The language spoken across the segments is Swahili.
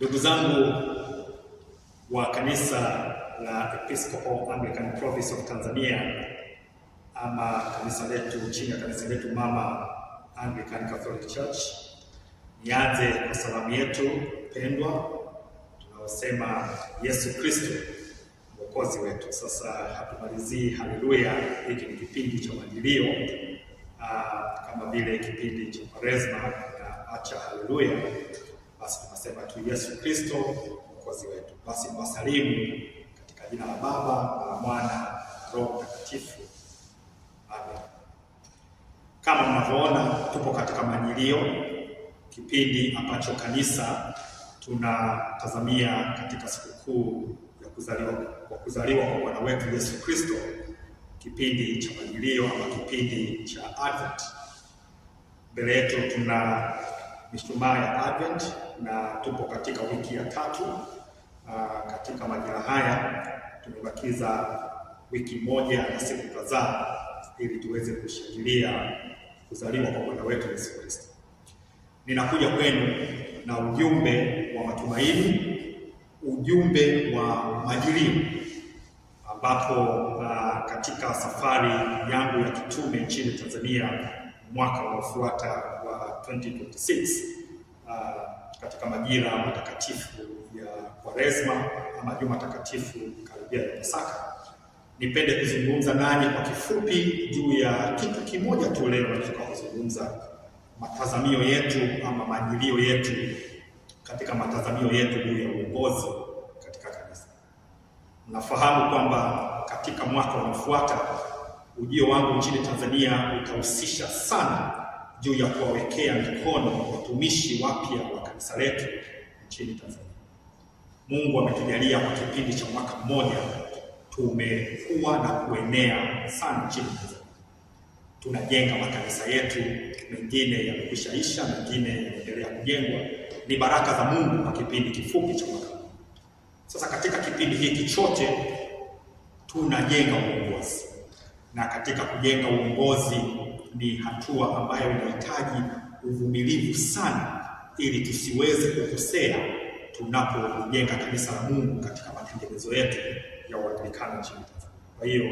Ndugu zangu wa kanisa la Episcopal Anglican Province of Tanzania ama kanisa letu chini ya kanisa letu mama Anglican Catholic Church, nianze kwa salamu yetu pendwa tunaosema Yesu Kristo mwokozi wetu. Sasa hatumalizii haleluya, hiki ni kipindi cha majilio ah, kama vile kipindi cha Kwaresma na acha haleluya basi tunasema tu Yesu Kristo mwokozi wetu. Basi tuwasalimu katika jina la Baba na la Mwana Roho Mtakatifu, amen. Kama mnavyoona, tupo katika Majilio, kipindi ambacho kanisa tunatazamia katika sikukuu ya kuzaliwa kwa kuzaliwa kwa Bwana wetu Yesu Kristo, kipindi cha Majilio ama kipindi cha Advent. Mbele yetu tuna mishumaa ya Advent na tupo katika wiki ya tatu. Uh, katika majira haya tumebakiza wiki moja na siku kadhaa ili tuweze kushangilia kuzaliwa kwa Bwana wetu Yesu Kristo. Ninakuja kwenu na ujumbe wa matumaini, ujumbe wa majilio, ambapo uh, katika safari yangu ya kitume nchini Tanzania mwaka unaofuata wa 2026 Ah, katika majira matakatifu ya Kwaresma ama juma takatifu karibia ya Pasaka, nipende kuzungumza nanyi kwa kifupi juu ya kitu kimoja tu leo, tukazungumza matazamio yetu ama majilio yetu katika matazamio yetu juu ya uongozi katika kanisa. Nafahamu kwamba katika mwaka unaofuata ujio wangu nchini Tanzania utahusisha sana juu ya kuwawekea mikono watumishi wapya wa kanisa letu nchini Tanzania. Mungu ametujalia kwa kipindi cha mwaka mmoja tumekuwa na kuenea sana nchini Tanzania. Tunajenga makanisa yetu, mengine yamekwishaisha, mengine yanaendelea kujengwa. Ni baraka za Mungu kwa kipindi kifupi cha mwaka. Sasa katika kipindi hiki chote tunajenga uongozi, na katika kujenga uongozi ni hatua ambayo inahitaji uvumilivu sana, ili tusiweze kukosea tunapojenga kanisa la Mungu katika matengenezo yetu ya Uanglikana nchini Tanzania. Kwa hiyo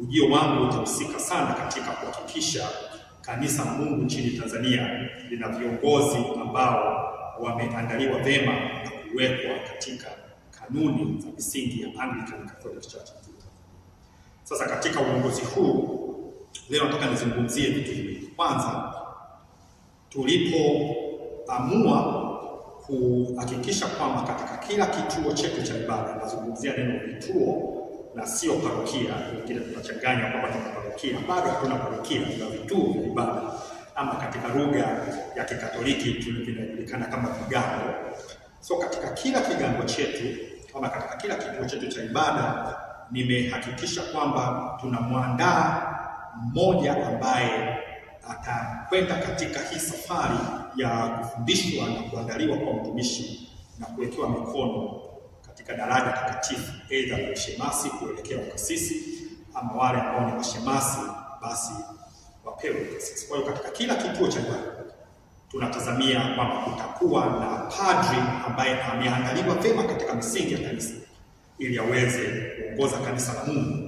ujio wangu utahusika sana katika kuhakikisha kanisa la Mungu nchini Tanzania lina viongozi ambao wameandaliwa vema na kuwekwa katika kanuni za misingi ya Anglican Catholic Church. Sasa katika uongozi huu Leo nataka nizungumzie vitu hivi. Kwanza, tulipoamua kuhakikisha kwamba katika kila kituo chetu cha ibada, nazungumzia neno vituo na sio parokia. Wengine tunachanganya kwamba tuna parokia, bado hatuna parokia, tuna vituo vya ibada ama katika lugha ya Kikatoliki vinajulikana kama vigango. So katika kila kigango chetu ama katika kila kituo chetu cha ibada, nimehakikisha kwamba tunamwandaa mmoja ambaye atakwenda katika hii safari ya kufundishwa na kuandaliwa kwa mtumishi na kuwekewa mikono katika daraja takatifu, aidha na ushemasi kuelekea ukasisi, ama wale ambao ni washemasi basi wapewe ukasisi. Kwa hiyo katika kila kituo cha ibada tunatazamia kwamba kutakuwa na padri ambaye ameandaliwa vyema katika misingi ya kanisa ili aweze kuongoza kanisa la Mungu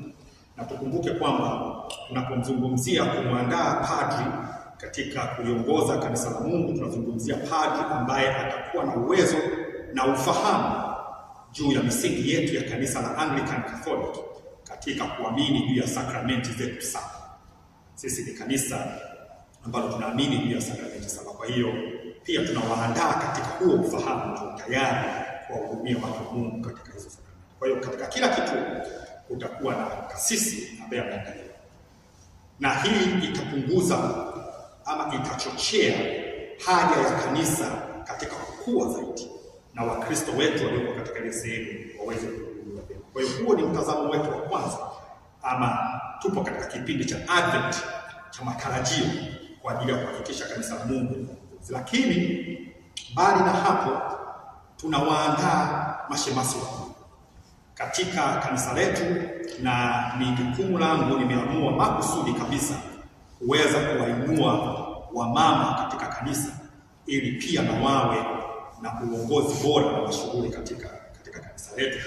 na tukumbuke kwamba tunapomzungumzia kumwandaa padri katika kuiongoza kanisa la Mungu, tunazungumzia padri ambaye atakuwa na uwezo na ufahamu juu ya misingi yetu ya kanisa la Anglican Catholic katika kuamini juu ya sakramenti zetu saba. Sisi ni kanisa ambalo tunaamini juu ya sakramenti saba. Kwa hiyo pia tunawaandaa katika huo ufahamu na utayari kuwahudumia watu wa Mungu katika hizo sakramenti. Kwa hiyo katika kila kituo utakuwa na kasisi ambaye ameandaliwa na hii itapunguza ama itachochea haja ya kanisa katika kukua zaidi, na Wakristo wetu walioko katika ile sehemu waweze kuhudumiwa vyema. Kwa hiyo huo ni mtazamo wetu wa kwanza, ama tupo katika kipindi cha Advent cha matarajio kwa ajili ya kuhakikisha kanisa la Mungu, lakini mbali na hapo tunawaandaa mashemasi wa katika kanisa letu, na ni jukumu langu, nimeamua makusudi kabisa kuweza kuwainua wamama katika kanisa ili pia na wawe na uongozi bora wa shughuli katika, katika kanisa letu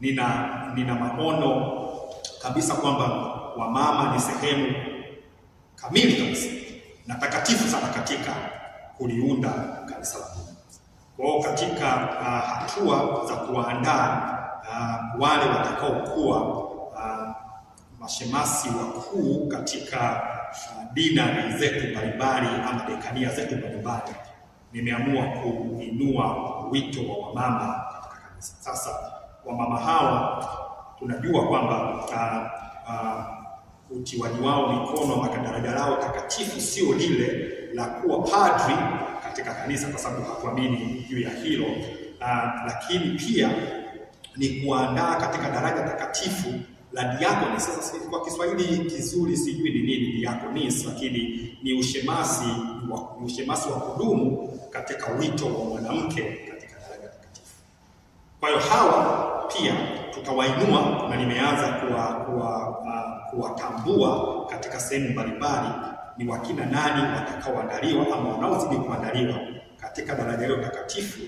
Nina, nina maono kabisa kwamba wamama ni sehemu kamili kabisa na takatifu sana katika kuliunda kanisa la Mungu. Kwao katika uh, hatua za kuwaandaa uh, wale watakaokuwa uh, mashemasi wakuu katika uh, dina zetu mbalimbali ama dekania zetu mbalimbali, nimeamua kuinua wito wa wamama katika kanisa. Sasa wamama hawa tunajua kwamba uh, uh, utiwaji wao mikono makadaraja lao takatifu sio lile la kuwa padri katika kanisa, kwa sababu hakuamini juu ya hilo. Uh, lakini pia ni kuandaa katika daraja takatifu la diakoni. Sasa kwa Kiswahili kizuri sijui ni nini diakonis, lakini ni ushemasi wa, ushemasi wa kudumu katika wito wa mwanamke katika daraja takatifu. Kwa hiyo hawa pia tutawainua na nimeanza ah, kuwatambua kuwa, uh, kuwa katika sehemu mbalimbali ni wakina nani watakaoandaliwa ama wanaozidi kuandaliwa katika daraja hilo takatifu,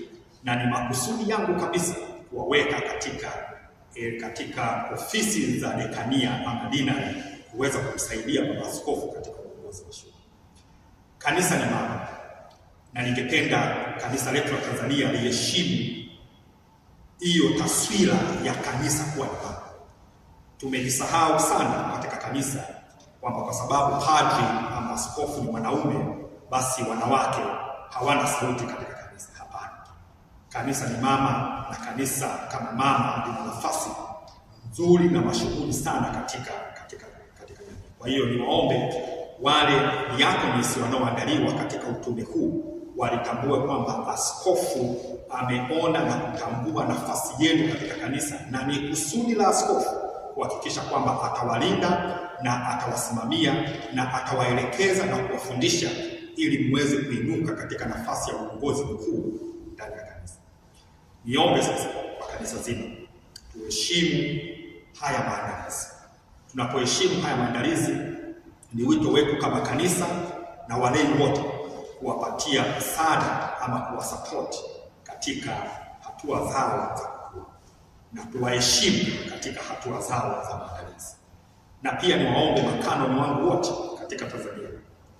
na ni makusudi yangu kabisa kuwaweka katika e, katika ofisi za dekania ama deanry kuweza kumsaidia baba askofu katika uongozi wa shule. Kanisa ni mama, na ningependa kanisa letu la Tanzania liheshimu hiyo taswira ya kanisa kuwa ni mama. Tumejisahau sana katika kanisa kwamba kwa sababu padri ama askofu ni mwanaume, basi wanawake hawana sauti katika kanisa. Hapana, kanisa ni mama, na kanisa kama mama lina nafasi nzuri na mashughuli sana katika katika katika jamii. Kwa hiyo niwaombe wale diakonisi wanaoandaliwa katika utume huu walitambue kwamba askofu ameona na kutambua nafasi yenu katika kanisa na ni kusudi la askofu kuhakikisha kwamba atawalinda na atawasimamia na atawaelekeza na kuwafundisha ili mweze kuinuka katika nafasi ya uongozi mkuu ndani ya kanisa. Niombe sasa kwa kanisa zima tuheshimu haya maandalizi. Tunapoheshimu haya maandalizi, ni wito wetu kama kanisa na walei wote kuwapatia msaada ama kuwasapoti katika hatua zao na tuwaheshimu katika hatua zao za maandalizi. Na pia niwaombe makanoni wangu wote katika Tanzania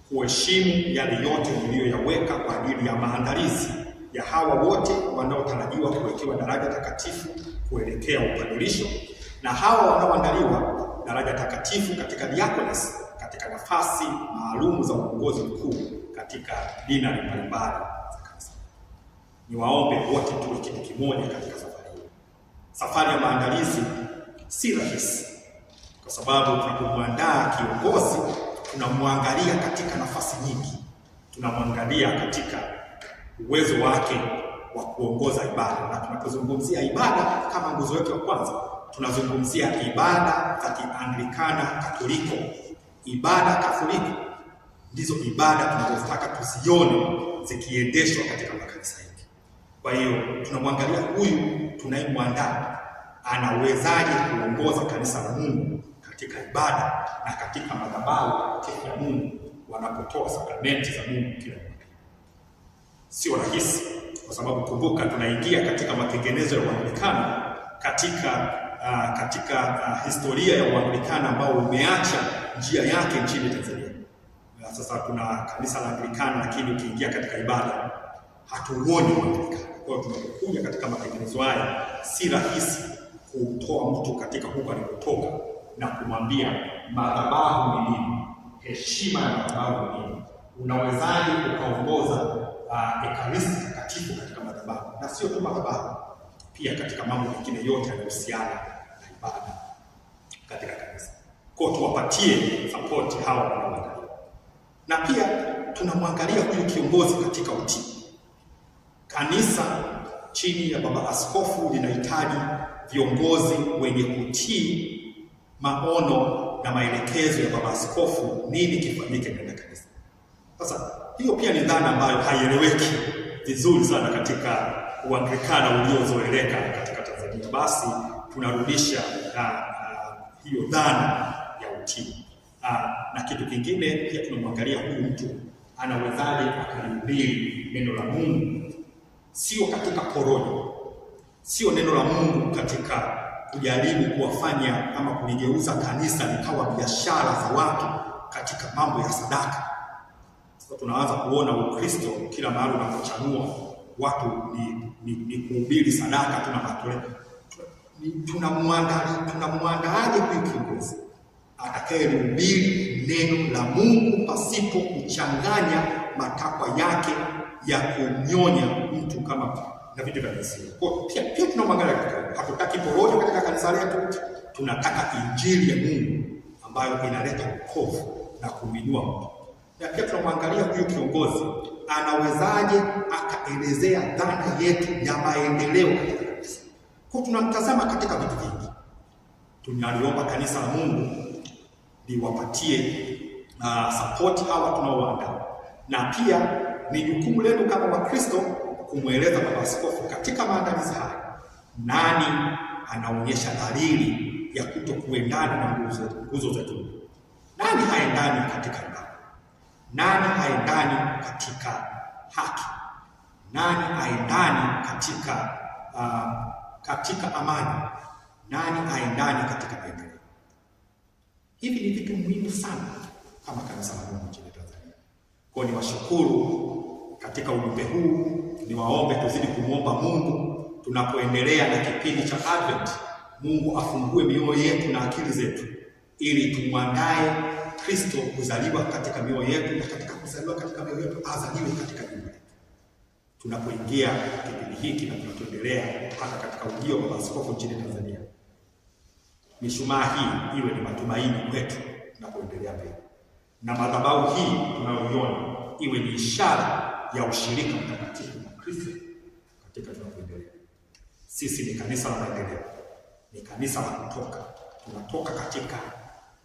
kuheshimu yale yote niliyoyaweka kwa ajili ya maandalizi ya hawa wote wanaotarajiwa kuwekewa daraja takatifu kuelekea upadilisho na hawa wanaoandaliwa daraja takatifu katika diakonisi katika nafasi maalumu za uongozi mkuu katika dini mbalimbali za kanisa. Niwaombe wote tuwe kitu kimoja katika Safari ya maandalizi si rahisi, kwa sababu tunapomwandaa kiongozi tunamwangalia katika nafasi nyingi, tunamwangalia katika uwezo wake wa kuongoza ibada, na tunapozungumzia ibada kama nguzo yetu ya kwanza, tunazungumzia ibada za Kianglikana Katoliko, ibada Katoliko ndizo ibada tunazotaka tuzione zikiendeshwa katika makanisa yetu. Kwa hiyo tunamwangalia huyu tunayemwandaa anawezaje kuongoza kanisa la Mungu katika ibada na katika madhabahu ya Mungu wanapotoa sakramenti za Mungu kila mwaka. Sio rahisi kwa sababu kumbuka, tunaingia katika matengenezo ya Uanglikana katika uh, katika uh, historia ya Uanglikana ambao umeacha njia yake nchini Tanzania. Sasa kuna kanisa la Anglikana, lakini ukiingia katika ibada hatuoni Uanglikana. Kwa hiyo tunapokuja katika matengenezo haya, si rahisi kutoa mtu katika huko alipotoka na kumwambia madhabahu ni nini, heshima ya madhabahu ni nini. Unawezaje ukaongoza ah, ekaristi uh, takatifu katika madhabahu, na sio tu madhabahu, pia katika mambo mengine yote yanayohusiana na ibada katika kanisa. Kwa tuwapatie sapoti hawa wanaoangalia, na pia tunamwangalia huyu kiongozi katika utii Kanisa chini ya Baba Askofu linahitaji viongozi wenye kutii maono na maelekezo ya Baba Askofu, nini kifanyike ndani ya kanisa. Sasa hiyo pia ni dhana ambayo haieleweki vizuri sana katika Uanglikana uliozoeleka katika Tanzania. Basi tunarudisha na, na hiyo dhana ya utii na, ah, na kitu kingine pia tunamwangalia huyu mtu anawezaje akalihubiri neno la Mungu sio katika porojo, sio neno la Mungu katika kujaribu kuwafanya ama kuligeuza kanisa likawa biashara za watu katika mambo ya sadaka. Sasa tunaanza kuona Ukristo kila mahali unapochanua watu ni, ni, ni kuhubiri sadaka tu na matoleo. Tunamwandaaje huyu kuikiongozi atakaye neno la Mungu pasipo kuchanganya matakwa yake ya kunyonya mtu kama na vitu vya jinsia. Kwa pia pia tunamwangalia katika, hatutaki porojo katika kanisa letu, tunataka injili ya Mungu ambayo inaleta wokovu na kuminua mtu. Na pia tunamwangalia huyu kiongozi anawezaje akaelezea dhana yetu ya maendeleo katika kanisa. Kwa tunamtazama katika vitu vingi. Tunaliomba kanisa la Mungu liwapatie uh, ah, support hawa tunaowaandaa, na pia ni jukumu letu kama Wakristo kumweleza Baba Askofu katika maandalizi haya nani anaonyesha dalili ya kutokuendana na nguzo za dini, nani haendani katika imani, nani haendani katika haki, nani haendani katika uh, katika amani, nani haendani katika maendeleo. Hivi ni vitu muhimu sana kama kanisa la Mungu nchini Tanzania. Kwa ni washukuru katika ujumbe huu, ni waombe tuzidi kumwomba Mungu tunapoendelea na kipindi cha Advent. Mungu afungue mioyo yetu na akili zetu ili tumwandae Kristo kuzaliwa katika mioyo yetu na katika kuzaliwa katika mioyo yetu azaliwe katika jumba Tunapoingia kipindi hiki na tunapoendelea hata katika ujio wa maaskofu nchini Tanzania mishumaa hii iwe ni matumaini kwetu tunapoendelea mbele, na madhabahu hii tunayoiona iwe ni ishara ya ushirika mtakatifu na Kristo katika tunapoendelea. Sisi ni kanisa la maendeleo, ni kanisa la kutoka, tunatoka katika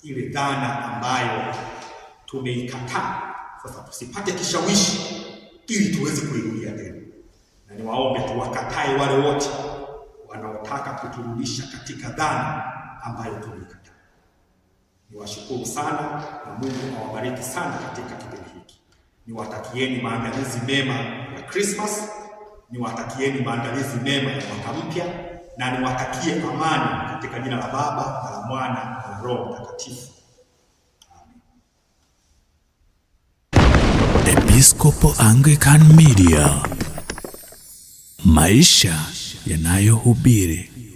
ile dhana ambayo tumeikataa. Sasa tusipate kishawishi ili tuweze kuirudia tena, na niwaombe tuwakatae wale wote wanaotaka kuturudisha katika dhana ambayo tumeikataa. Niwashukuru sana na Mungu awabariki sana katika kipindi hiki. Niwatakieni maandalizi mema ya Krismasi, niwatakieni maandalizi mema ya mwaka mpya, na niwatakie amani katika jina la Baba na la Mwana na la Roho Mtakatifu. Episcopal Anglican Media, maisha yanayohubiri.